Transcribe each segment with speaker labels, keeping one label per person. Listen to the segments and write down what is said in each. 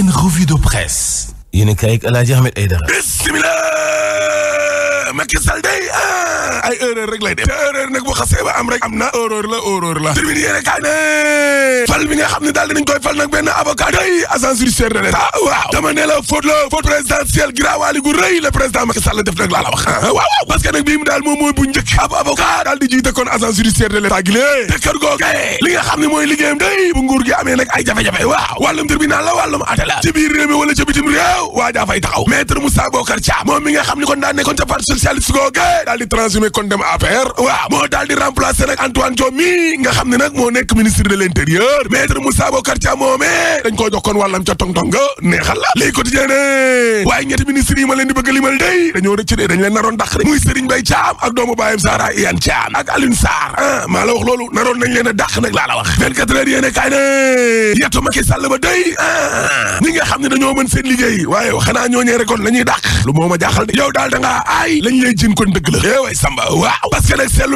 Speaker 1: seen revue de presse yéen a ngi kay ak El Hadj Ahmed Aidara
Speaker 2: Macky Sall day ah, ay erreur rek lay def te erreur nag bu am rek am na erreur la erreur la tribune yéene kaay ne fal bi nga xam ni daal dinañ koy fal nag benn avocat day agence judiciaire de l'État ah, waaw dama ne la la faute présidentielle giraawaali gu la président Macky Sall def nag laa la wax ah, waaw waaw parce que nag bii mu daal moo mooy bu njëkk ab avocat daal di jiite kon agence judiciaire de l'État gi lée dëkkër googu li nga xam ne mooy liggéeyam day bu nguur gi amee ay jafe-jafe waaw wàllum tribunal la la ci biir taxaw maître Moussa Bokar Thiam moom mi nga xam ne kon socialiste googe daal di transhumé kon dem APR waaw moo daal di remplacé nag Antoine Diome mi nga xam ne nag moo nekk ministre de l' intérieur maître Moussa Bocar Thiam moome dañ koo jox kon wàllam ca tong-tong nga neexal la léegi quotidien ne waaye ñetti ministres yi ma leen di bëgg limal day dañoo rëcc dee dañ ah a dàq nag laa la wax 24 heures yéene kaay ne yettu Macky Sall ba day ah ñi nga xam ne dañoo mën seen liggéey waaye xanaa ñooñee rek kon la ñuy lu moo ma jaaxal da ngaa lañ lay jin kon dëgg la eh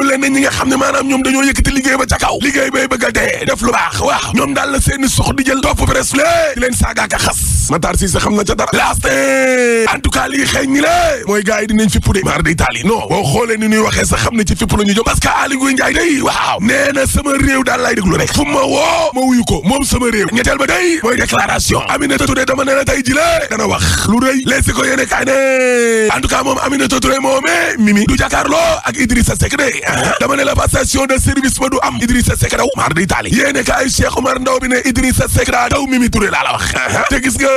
Speaker 2: leen ne xam ne maanaam ñoom dañoo yëkkati liggéey ba ca kaw liggéey bay bëgg a dee def lu baax waaw ñoom daal la seeni sox di topp presse lé di leen saagaaka xas Matar Cissé xam na ca dara last en tout cas lii xëy ni la mooy gars yi dinañ fippu de mar di taali non boo ni ñuy waxee sax xam ci fipp la ñu jëm parce que Aly Ngouille day waaw nee na sama daal lay déglu rek fu woo ma wuyu moom sama réew ba day mooy déclaration Aminata ne en Ndiaye moomee mimi du jàkkaarloo ak Idrissa Seck de ah. dama ne la passation de service ba du am Idrissa Seck daw mar di taali yéene kaay Cheikh Omar Ndaw bi ne Idrissa Seck daa daw Mimi Touré laa la wax ah. te gis nga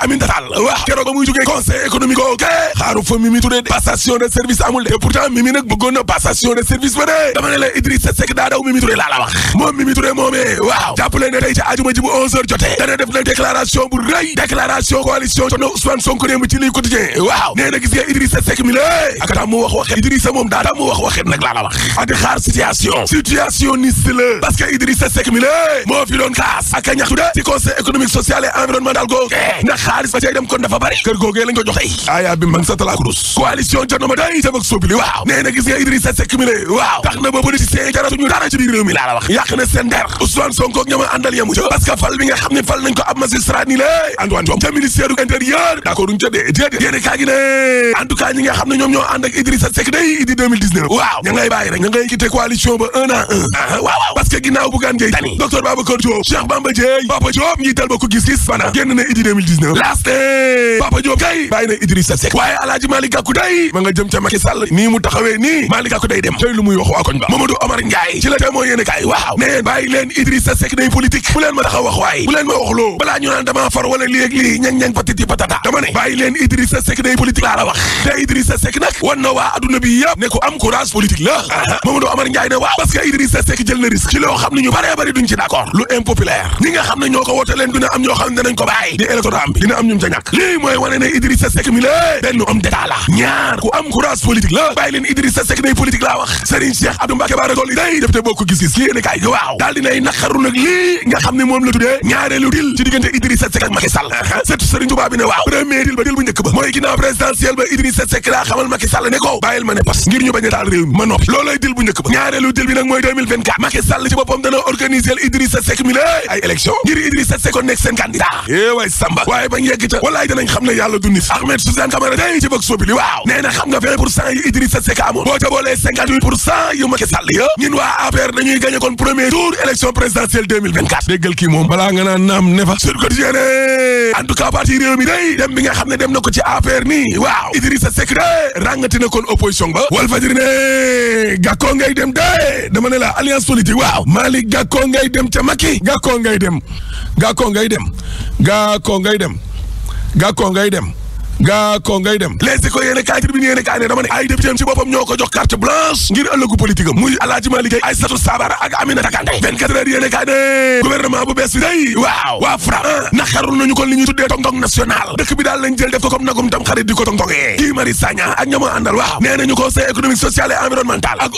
Speaker 2: Aminata Tall keroog ba muy jógee conseil économique ok xaaru fa Mimi Touré de passation de service amul de pourtant Mimi nag bëggoon na de service ba de dama la Idrissa Seck daa Mimi Touré laa la wax moom Mimi Touré moomee waaw jàppale ne tey ca ajuma ji bu 11h def nag déclaration bu rëy déclaration coalition de ak tàmm wax waxet Idrissa moom daa tàmm wax waxet nag laa la wax adi xaar situation situationniste la parce que Idrissa Seck mi la moo fi doon kaas ak a ñaxtu de ci conseil économique social et environnemental googu eh. ndax xaalis ba cay dem kon dafa bari kër googee lañ ko jox ay bi man sa talaakrous coalition Jotna ma day jëm ak sóobi li waaw nee gis nga Idrissa Seck mi mi laa la wax na seen der Ousmane Sonko ak ñama àndal yamu ca parce que fal la Antoine Diome ca ministère du intérieur d'accord duñ ca dee déedéet yéene ñoo ànd ak Idrissa Seck day idi 2019 waaw ña ngay rek ña ngay quitté coalition ba un à un ah, ah waaw parce que ginnaaw Bougane Gueye Dany docteur Babacar Diop Cheikh Bamba Dièye Papa Diop njiital bokk gis-gis bana génn na idi 2019 last Papa na Idrissa Seck waaye Alaaji Malick ma taxaw wax waaye bu ma wax loo balaa ñu naan dama far wala lii ak lii ñang ñang patiti patata dama ne leen Idrissa Seck day politique laa la wax te Idrissa nag waa adduna bi yëpp ne ko am courage politique la Mamadou Amar Ndiaye ne waaw parce que Idrissa Seck jël na risque ci loo xam ne ñu baree bari duñ ci d'accord lu impopulaire ñi nga xam ne ñoo ko woote leen dina am ñoo xam ne dinañ ko bàyyi di électorat am bi dina am ñun ca ñàkk lii mooy wane ne Idrissa Seck mi la benn homme d'état la ñaar ku am courage politique la bàyyi leen Idrissa Seck day ne moom la tuddee ñaareelu dil ci diggante Idrissa waaw premier dil ba dil Macky Sall ne ko ma ne pas ngir ñu bañ a taal mi ma noppi loolooy dil bu njëkk ba ñaareelu dil bi nag mooy 2024 Macky Sall ci boppam dana organiser Idrissa Seck mi lay ay élection ngir Idrissa Seck nekk seen candidat é eh waay Samba waaye bañ yegg ca walaay danañ xam ne yàlla du Ahmed Suzanne Camara day ci bëgg li waaw nee xam nga 20 pour cent yu Macky Sall ya ñun waa APR dañuy gagné kon premier tour élection présidentielle ràngati na kon opposition ba Walf Fadjri ne gàkkoo ngay dem de dama ne la alliance politique waaw Malick gàkkoo ngay dem ca Macky gàkkoo ngay dem gàkkoo ngay dem gàkkoo ngay dem gàkkoo ngay dem gaa ko ngay dem les si ko yéene kaay tribune yéene kaay ne dama ne ay député ci boppam ñoo ko jox carte blanche ngir ëllëgu politique am muy Alaaji Malick Gaye Aïssatou Sabara ak Aminata Kanté 24 heures yéene kaay ne gouvernement bu bees day waaw waa Fra naxarul nañu ko li ñuy tuddee tong-tong national dëkk bi daal lañ jël def ko comme nagum tam xarit di ko tong-tongee kii Mari Sagna ak ñama àndal waaw nee nañu conseil économique social et environnemental a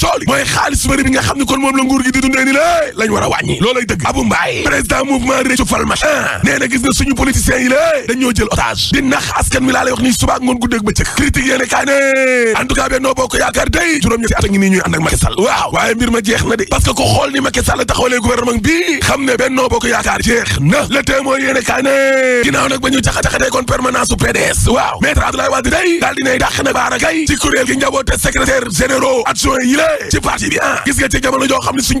Speaker 2: jëlee gi di dundee ni lé lañ war a loolay dëgg Abou président mouvement réccu falmach ah, nee gis nga suñu politiciens yi lé dañoo jël otage di nax askan mi laa ni subaak ngoon guddeeg bëccëg critique yéene kaa ne en tout cas bennoo bokk yaakaar day juróom-ñetti at a waaw waaye mbir ma jeex na de parce ko xool ni Macky Sall taxawalee gouvernement bi xam ne bennoo bokk yaakaar jeex na le témoin yéene kaa ne ginnaaw nag ba ñu caxa-caxatee kon permanence su PDS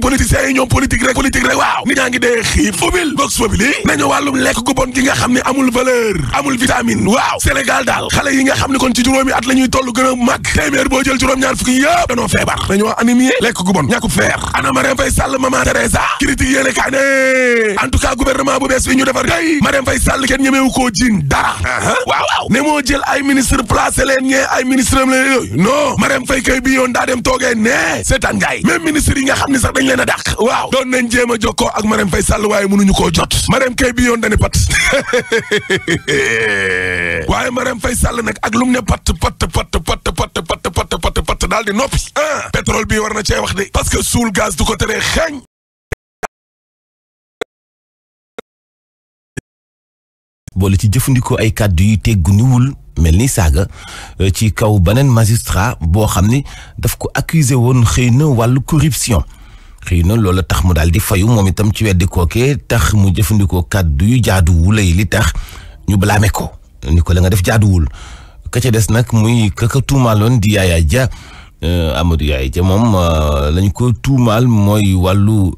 Speaker 2: suñ politiciens yi ñoom politique rek politique rek waaw nit ñaa ngi dee xiif fubil vox populi nañu wàllum lekk gu bon nga xam ne amul valeur amul vitamine waaw Sénégal daal xale yi nga xam ne kon ci juróomi at la ñuy gën a màgg téeméer boo jël juróom-ñaar fukki yëpp dañoo feebar dañoo animé lekk gu bon ñàkkub ana Marème Faye Sall maman Teresa critique yéene kaa ne en bu bees bi ñu defar day Marème Faye Sall kenn ñemeewu koo dara waaw yi nga xam ne sax leen waaw doon nañ jéem a jokkoo ak Marème Faye Sall waaye mënuñu koo jot Marème kay yoon dani pat waaye Marème Faye Sall ak lum ne pat pat pat pat pat pat pat pat pat daal di noppi ah pétrole bi war na cee wax de parce que suul gaz ko teree xeeñ
Speaker 1: boole ci jëfandikoo ay kàddu yu teggu niwul mel ni saaga ci kaw beneen magistrat boo xam ni daf ko accusé woon xëy na wàllu corruption xëy na loola tax mu daal di fayu moom itam ci weddi kooke tax mu jëfandikoo kaddu yu jaaduwulay li tax ñu blaame ko ni ko la nga def jaaduwul ka ca des nag muy ka ka di Yaya Ja euh, Amadou Yaya Ja moom euh, lañ ko tuumaal mooy wàllu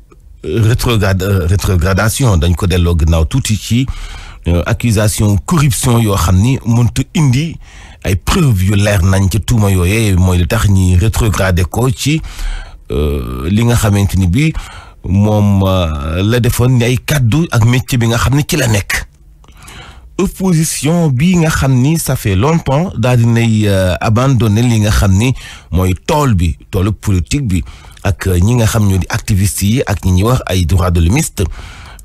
Speaker 1: euh, rétrograde rétrogradation dañ ko delloo ginnaaw tuuti ci accusation corruption yoo xam ni mënta indi ay preuve yu leer nañ ca tuuma yooye mooy li tax ñi rétrogradé ko ci Euh, li nga xamante ni bi moom euh, la defoon ni ay kàddu ak métier bi nga xam ne ci la nekk opposition bi nga xam ni ça fait longtemps daal dinay euh, abandonné li nga xam ni mooy tool bi tool politique bi ak ñi nga xam ñoo di activistes yi ak ñi ñuy wax ay droits de l'hommiste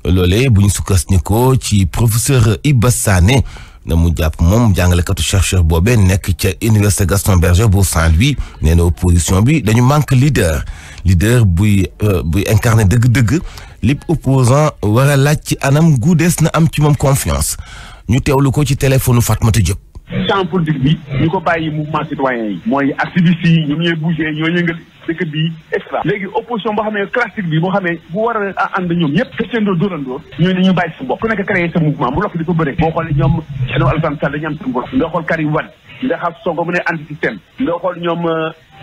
Speaker 1: loole bu ñu sukkas ni ci professeur Iba Sané na mu jàpp moom jàngalekatu chercheur boobee nekk ca université Gaston Berger bu Saint-Louis nee na opposition bi dañu manque leader leader buy euh, buy dëgg-dëgg lépp opposant war a laaj ci anam gu des na am ci moom confiance ñu teewlu ko ci téléphone Fatmata Diop
Speaker 3: champ
Speaker 4: politique bi ñu ko bàyyi mouvement citoyen yi mooy activistes yi ñoom ñooy bougé ñoo yëngal dëkk bii et léegi opposition boo xam ne classique boo xam bu war a ànd ñoom ñëpp këcceendoo dóorandoo ñooñu dañuy bàyyi sa ku nekk créé sa mouvement mu lokk di ko bëre boo xoolee ñoom Thierno Alassane Sall dañu am seen bopp nga xool Karim xam Sonko mu ne anti système nga ñoom euh,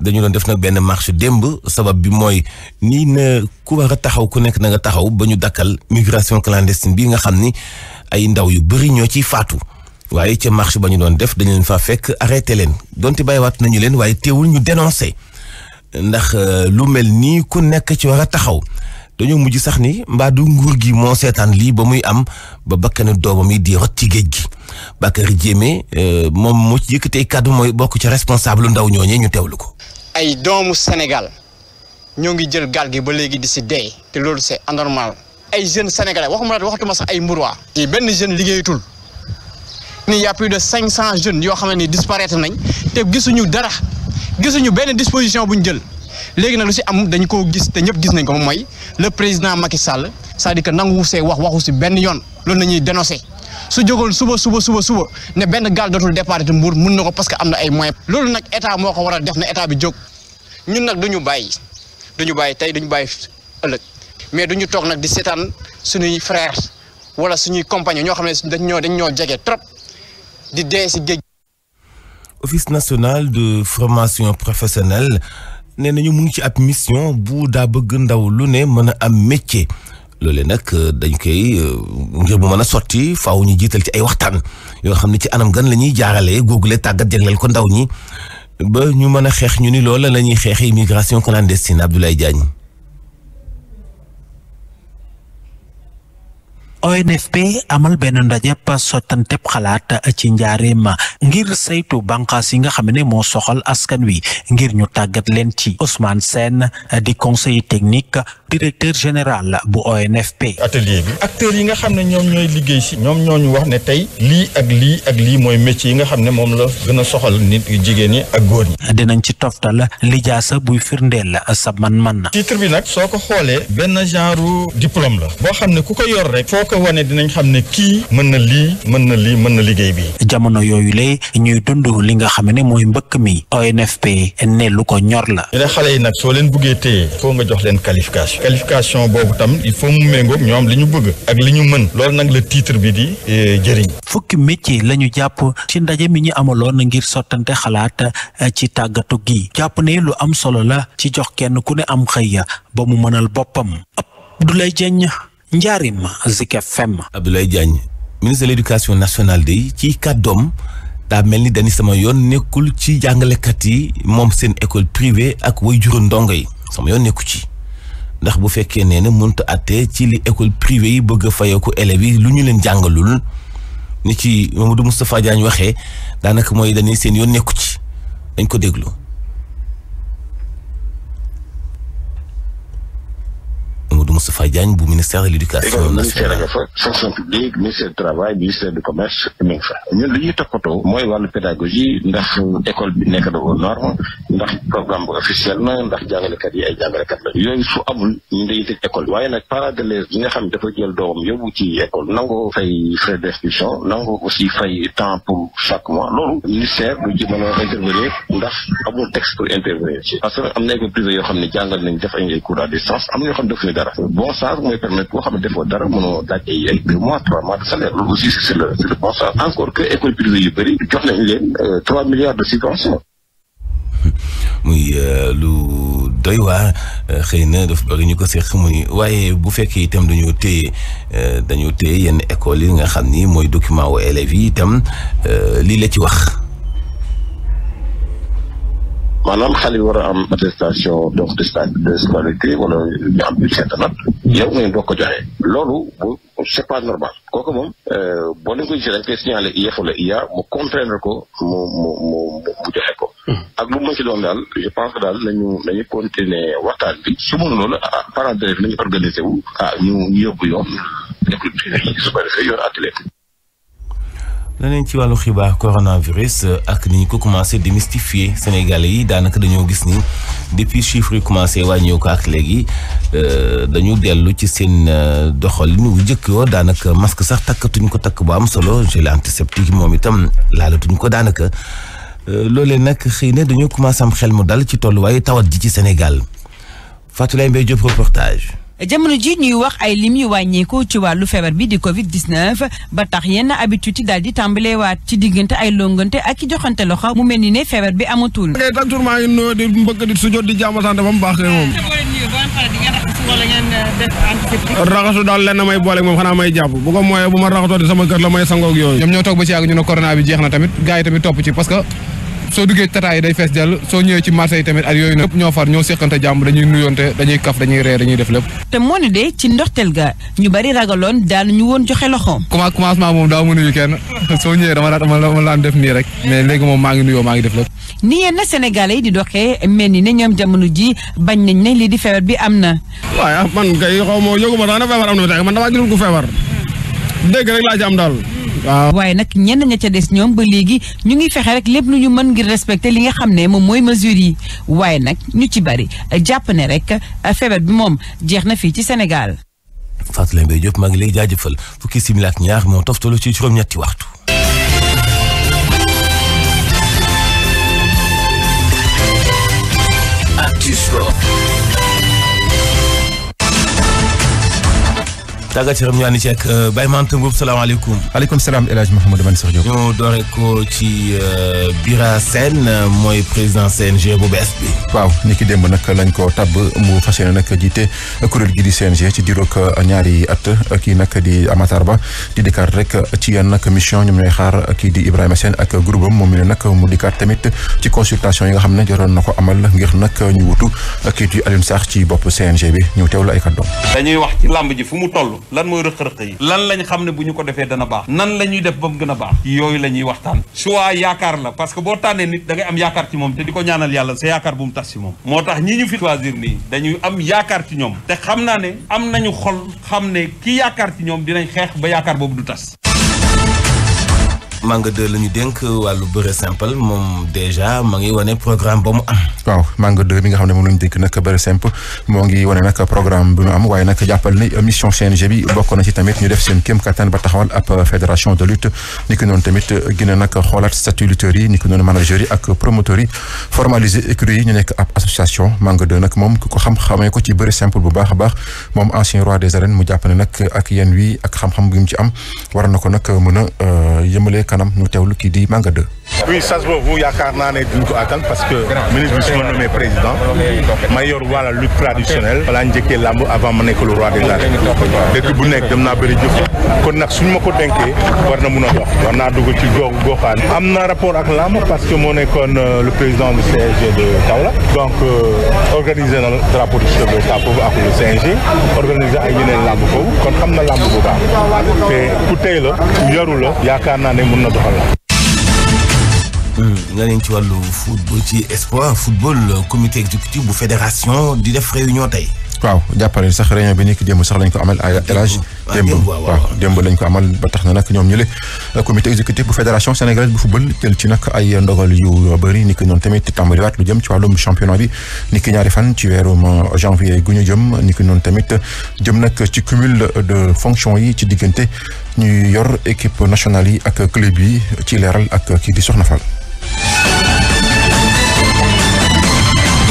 Speaker 1: dañu doon def nag benn marche démb sabab bi mooy nii na ku war a taxaw ku nekk na nga taxaw ba ñu dakkal migration clandestine bi nga xam ni ay ndaw yu bëri ñoo ciy faatu waaye ca marche ba ñu doon def dañu leen faa fekk arrêté leen donte bàyyiwaat nañu leen waaye teewul ñu dénoncé ndax euh, lu mel nii ku nekk ci war a taxaw dañoo mujj sax ni mbaa du nguur gi moo seetaan lii ba muy am ba bakkanu doomam yi di rot ci géej gi. Bakary Diémé euh, moom mu ci yëkkatee kàddu mooy bokk ci responsable ndaw ñooñee ñu teewlu ko.
Speaker 5: ay doomu Sénégal ñoo ngi jël gaal gi ba léegi di si dee te loolu c'est anormal ay jeunes sénégalais waxuma la waxtuma sax ay mburuwaa. te benn jeune liggéeyatul ni y de cinq cent jeunes yoo xam ne disparaître nañ te gisuñu dara gisuñu benn disposition bu ñu jël. léegi na lu si am dañu koo gis te ñëpp gis nañ ko moom mooy le président Macky Sall sa à dire que nangu see wax waxu si benn yoon loolu la ñuy dénoncé su jógoon suba suba suba suba ne benn gaal dootul départ te Mbour mun na ko parce que am na ay moyens. loolu nag état moo ko war a def na état bi jóg ñun nag du bàyyi du bàyyi tey du bàyyi ëllëg mais du ñu toog nag di seetaan suñuy frère wala suñuy compagnie ñoo xam ne dañ ñoo dañ ñoo jege trop di dee si géej.
Speaker 1: office national de formation professionnelle nee nañu mu ngi ci ab mission bu daa bëgg ndaw lu ne mën a am métier. loolee nag euh, dañ koy euh, ngir bu mën a sotti faw ñu jiital ci ay waxtaan yoo xam ne ci anam gan la ñuy jaaralee googule tàggat jagleel ko ndaw ñi ba ñu mën a xeex ñu ni loola la ñuy xeexee immigration clandestine Abdoulaye jaañ ONFP amal benn ndajep sottanteb xalaat ci njaareem ngir saytu bànqaas yi nga xam ne moo soxal askan wi ngir ñu tàggat leen ci osmaan seen
Speaker 4: di conseiller technique directeur général bu ONFP. atelier bi acteurs yi nga xam ne ñoom ñooy liggéey si ñoom ñoo ñu wax ne tey lii ak lii ak lii mooy métier yi nga xam ne moom la gën soxal nit jigéen ñi ak góor ñi. dinañ ci toftal lijaasa buy firndeel
Speaker 1: sa man-man. titre bi nag soo ko xoolee benn genre diplôme la boo xam ne ku ko yor rek ko wane dinañ xam ne kii mën na lii mën na lii mën na liggéey bi. jamono yooyu la ñuy dund li nga xam ne mooy mbëkk mi ONFP ne lu ko ñor la.
Speaker 4: ñu ne xale yi nag soo leen buggee teye foo nga jox leen qualification qualification boobu tam il faut mu méngoog ñoom li bëgg ak li ñu mën loolu nag la tiitre bi di eh, jëriñ. fukki métier la ñu jàpp ci ndaje mi ñu amaloon
Speaker 1: ngir sottante xalaat eh, ci tàggatu gi jàpp ne lu am solo la ci jox kenn ku ne am xëy ba mu mënal boppam Abdoulaye Dieng Njaarim Zik FM. Abdoulaye Diagne ministre de l'éducation nationale de ci kàddoom daa mel ni dañu sama yoon nekkul ci jàngalekat yi moom seen école privée ak way juru dongo yi sama yoon nekku ci ndax bu fekkee nee na mënut a ci li école privée yi bëgg a fayoo ko élèves yi lu ñu leen jàngalul ni ci Mamadou Moustapha Diagne waxee daanaka mooy dañuy seen yoon nekku ci dañ ko déglu. Amadou Moustapha Diagne
Speaker 4: bu ministère de l'éducation ministère du travail ministère du commerce mi ngi fa ñun mooy wàllu pédagogie ndax école bi nekk na o norme ndax programme bu officiel na ndax jàngalekat yi ay jàngalekat la yooyu su amul ñu dañuy tëj école waaye nag parents d'élèves yi nga xam dafa jël doomam yóbbu ci école nangoo fay frais d'inscription nangoo aussi fay temps pour chaque mois loolu ministère du ci mën a ndax amul texte pour yoo xam ne jàngal na yoo xam ne dara bon sens mooy permettre koo xam ne defoo dara mënoo daaj ay ay deux mois trois mois de salaire loolu aussi c'est le bon sens encore que école privée yu bëri jox nañ leen euh, trois milliards si subventions muy euh, lu doy waar
Speaker 1: euh, xëy na daf bëri ñu ko seq muy waaye bu fekkee itam dañoo téye dañoo téye yenn écoles yi nga xam ni mooy document wu élèves yi itam lii la ci wax
Speaker 4: maanaam xale bi war a am attestation donc de scolarité wala ñu am bulletin de note yow ngeen doo ko joxe loolu bu c'est pas normal kooku moom euh, boo leen ko gisee dañ koy signaler IEF wala IA mu contraindre ko mu mu mu mu joxe ko hmm. ak lu ma ci doon daal je pense que daal nañu nañu continuer waxtaan bi su mënu loolu ah, parents d'élèves nañu organiser wu ah ñu ñu yóbbu yoon def lu su ko yoon attelé
Speaker 1: leneen ci wàllu xibaar coronavirus euh, ak ni ñu ko commencé démystifier sénégalais yi daanaka dañoo gis ni depuis chiffre yi waa wàññeeku ko ak léegi euh, dañu dellu ci seen euh, doxalin wu njëkk yoo daanaka masque sax takkatuñ ko takk bu am solo gel antiseptique moom itam laalatuñ ko daanaka loolee nag xëy na dañoo commencé am xel mu dal ci tolluwaayu tawat ji ci Sénégal Fatou Lay Mbaye Diop reportage.
Speaker 3: jamono ji ñuy wax ay lim yu wàññeeku ci wàllu feebar bi di Covid 19 ba tax yenn habitude yi daal di tàmbaleewaat ci diggante ay longante ak i joxante loxo mu mel ni ne feebar bi amatul. ba mu baax
Speaker 4: kay
Speaker 5: raxasu
Speaker 3: daal lenn may boole moom xanaa may jàpp
Speaker 5: bu mooyee bu ma raxasoo di sama kër la may sangoog yooyu. ñoom ñoo toog ba ci yàgg ñu ne corona bi jeex na tamit gars yi tamit topp ci parce que. soo duggee tata yi day fees dell soo ñëwee ci marché yi tamit ak yooyu nag ñoo far ñoo séqante jàmm dañuy
Speaker 3: te moo ne de ci ndorteel ga ñu bari ragaloon daanu ñu woon joxe loxo commencement moom daaw mu ñëwee dama daan dama laan def
Speaker 5: moom maa ngi nuyoo maa ngi def lépp
Speaker 3: ni yéen na Sénégalais yi di ñoom jamono ji bañ nañ ne lii di feebar bi am na waaye ah, man kay xaw ma yëgu ma daana feebar am na man damaa gisul ku feebar dégg rek laa ci am daal. waaye nag ñenn ña ca des ñoom ba léegi ñu ngi fexe rek lépp lu ñu mën ngir respecter li nga xam ne moom mooy mesures yi waaye nag ñu ci bari jàpp ne rek feebar bi moom jeex na fii ci senegal Sénégal.
Speaker 1: Fatou Lambe Diop maa ngi lay jaajëfal fukki simila ak ñaar moo toftalu ci juróom-ñetti waxtu. tàggat yaram ñu ànd ci ak euh, Baye Mante Mboub salaamaaleykum. waaleykum salaam El Hadj Mouhamadou Mansour Diop. ñu doore ci euh,
Speaker 5: Bira Sène mooy président CNG bu bees bi. waaw ni ki démb nag lañ ko tabb mu fas yéene nag jiite kuréel gi di CNG ci diiru euh, ñaari at kii nag di Amatar Ba di dikkaat rek ci yan nag mission ñoom ñooy xaar kii di Ibrahima seen ak groupe am moom mi ne nag mu dikkaat tamit ci consultation yi nga xam ne joroon na ko amal ngir nag ñu wutu kii di Alioune Sarr ci bopp CNG bi ñu teewlu ay kàddoom.
Speaker 1: dañuy wax ci lan mooy rëq-rëq yi lan
Speaker 4: lañ xam ne bu ñu ko defee dana baax nan la ñuy def ba mu gën a baax yooyu la ñuy waxtaan choix yaakaar la parce que boo tànnee nit da am yaakaar ci moom te di ko ñaanal yàlla sa yaakaar bu mu tas ci moom moo tax ñi ñu fi choisir nii dañuy am yaakaar ci ñoom te xam naa ne am nañu xol xam ne ki yaakaar ci ñoom dinañ xeex ba yaakaar boobu du tas
Speaker 1: Manga 2 la ñu dénk wàllu bëre simple
Speaker 5: moom déjà ma ngi wane programme ba mu am. waaw Manga 2 mi nga xam ne moom la ñu dénk nag bëre simple moo ngi wane nag programme bi mu am tamit ñu def seen kéem kattan ba taxawal ab fédération de lutte ni a nag xoolaat yi ni ko noonu managers yi ak yi ñu nekk ab association Manga 2 nag moom ku ko xam xamee ko ci bëre simple bu baax a baax moom ancien roi des arènes mu jàpp ne nag ak yenn wi ak xam-xam bi mu ci am war na ko nag mën a euh, yëmale kanam ñu teewlu kii di Manga 2
Speaker 2: oui sas
Speaker 4: boobu yaakaar naa ne duñ ko attan parce que ministre bi su ma nommé président
Speaker 2: ma yor wàlla lutte traditionnelle balaa njëkkee làmb avant ma nekk le roi des arènes dëkk bu kon nag suñ ma ko dénkee war na mun a dox war naa dugg ci gox goxaan am na rapport ak làmb
Speaker 4: parce que moo nekkoon euh, le président du CNG de Kaolack donc euh, organiser na drapeau du chef de l'État foofu ak le CNG organiser ay yeneen làmb foofu kon am na làmb bu baax te ku la ku yaru yaakaar naa ne mun na doxal
Speaker 1: Hmm. nga leen ci wàllu football ci espoir football comité exécutif bu fédération di def
Speaker 5: réunion tey. waaw jàppale sax réunion bi nekk démb sax lañ ko amal ay élage démb ah, waaw démb lañ ko amal ba tax na nag ñoom ñu le euh, comité exécutif bu fédération sénégalaise bu football jël ci nag ay ndogal yu bëri ni ki noonu tamit tàmbaliwaat lu jëm ci wàllum championnat bi ni ñaari fan ci weerum euh, janvier gu ñu jëm ni ki noonu tamit jëm nag ci cumul de fonction yi ci diggante ñuy yor équipe nationale yi ak club yi ci leeral ak kii di Soxna Fall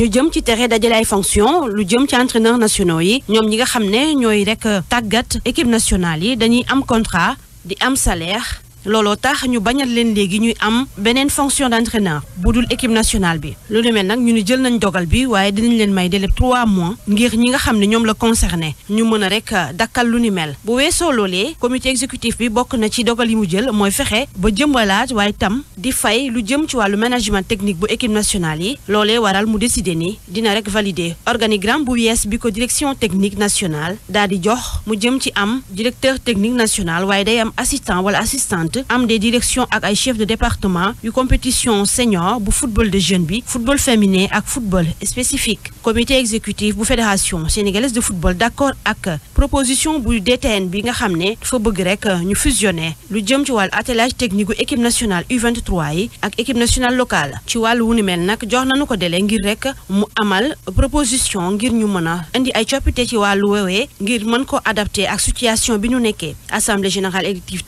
Speaker 3: ñu jëm ci tere dajale ay fonction lu jëm ci entraîneurs nationaux yi ñoom ñi nga xam ne ñooy rek tàggat équipe nationale yi dañuy am contrat di am salaire looloo tax ñu bañal leen léegi ñuy am beneen fonction d'entraîneur bu dul équipe nationale bi lu ne mel nag ñu ni jël nañ dogal bi waaye dinañ leen may délai trois mois ngir ñi nga xam ne ñoom la concerné ñu mën a rek euh, dakkal lu ni mel bu weesoo loolee comité exécutif bi bokk na ci dogal yi mu jël mooy fexe ba jëmbalaat waaye tam di fay lu jëm ci wàllu management technique bu équipe nationale yi loolee waral mu décidé ni dina rek valider organigramme bu yees bi ko direction technique nationale daal di jox mu jëm ci am directeur technique national waaye am assistant wala assistante Wade am des directions ak ay chefs de département yu compétition senior bu football de jeune bi football féminin ak football spécifique comité exécutif bu fédération sénégalaise de football d'accord ak proposition bu DTN bi nga xam ne dafa bëgg rek ñu fusionner lu jëm ci wàll attelage technique gu équipe nationale u yi ak équipe nationale locale ci wàllu wu ni mel nag jox nañu ko délai ngir rek mu amal proposition ngir ñu mën a indi ay coppite ci wàllu woowee ngir mën ko adapté ak situation bi ñu nekkee assemblée générale élective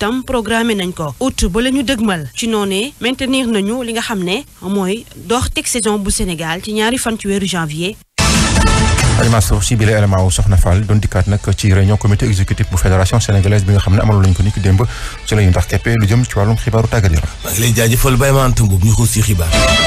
Speaker 3: ko août ba la ñu dëgmal ci noonee maintenir nañu li nga xam ne mooy dox teg saison bu Sénégal ci ñaari fan ci weeru janvier.
Speaker 5: Alima Sow ci biir élément wu Soxna Fall doon dikkaat nag ci réunion comité exécutif bu fédération sénégalaise bi nga xam ne amaloon nañu ko ni ki démb ci la ñu ndax keppe lu jëm ci wàllum xibaaru tàggat yaram. maa ngi lay jaajëfal Baye Mantou Mbow ñu ko xibaar.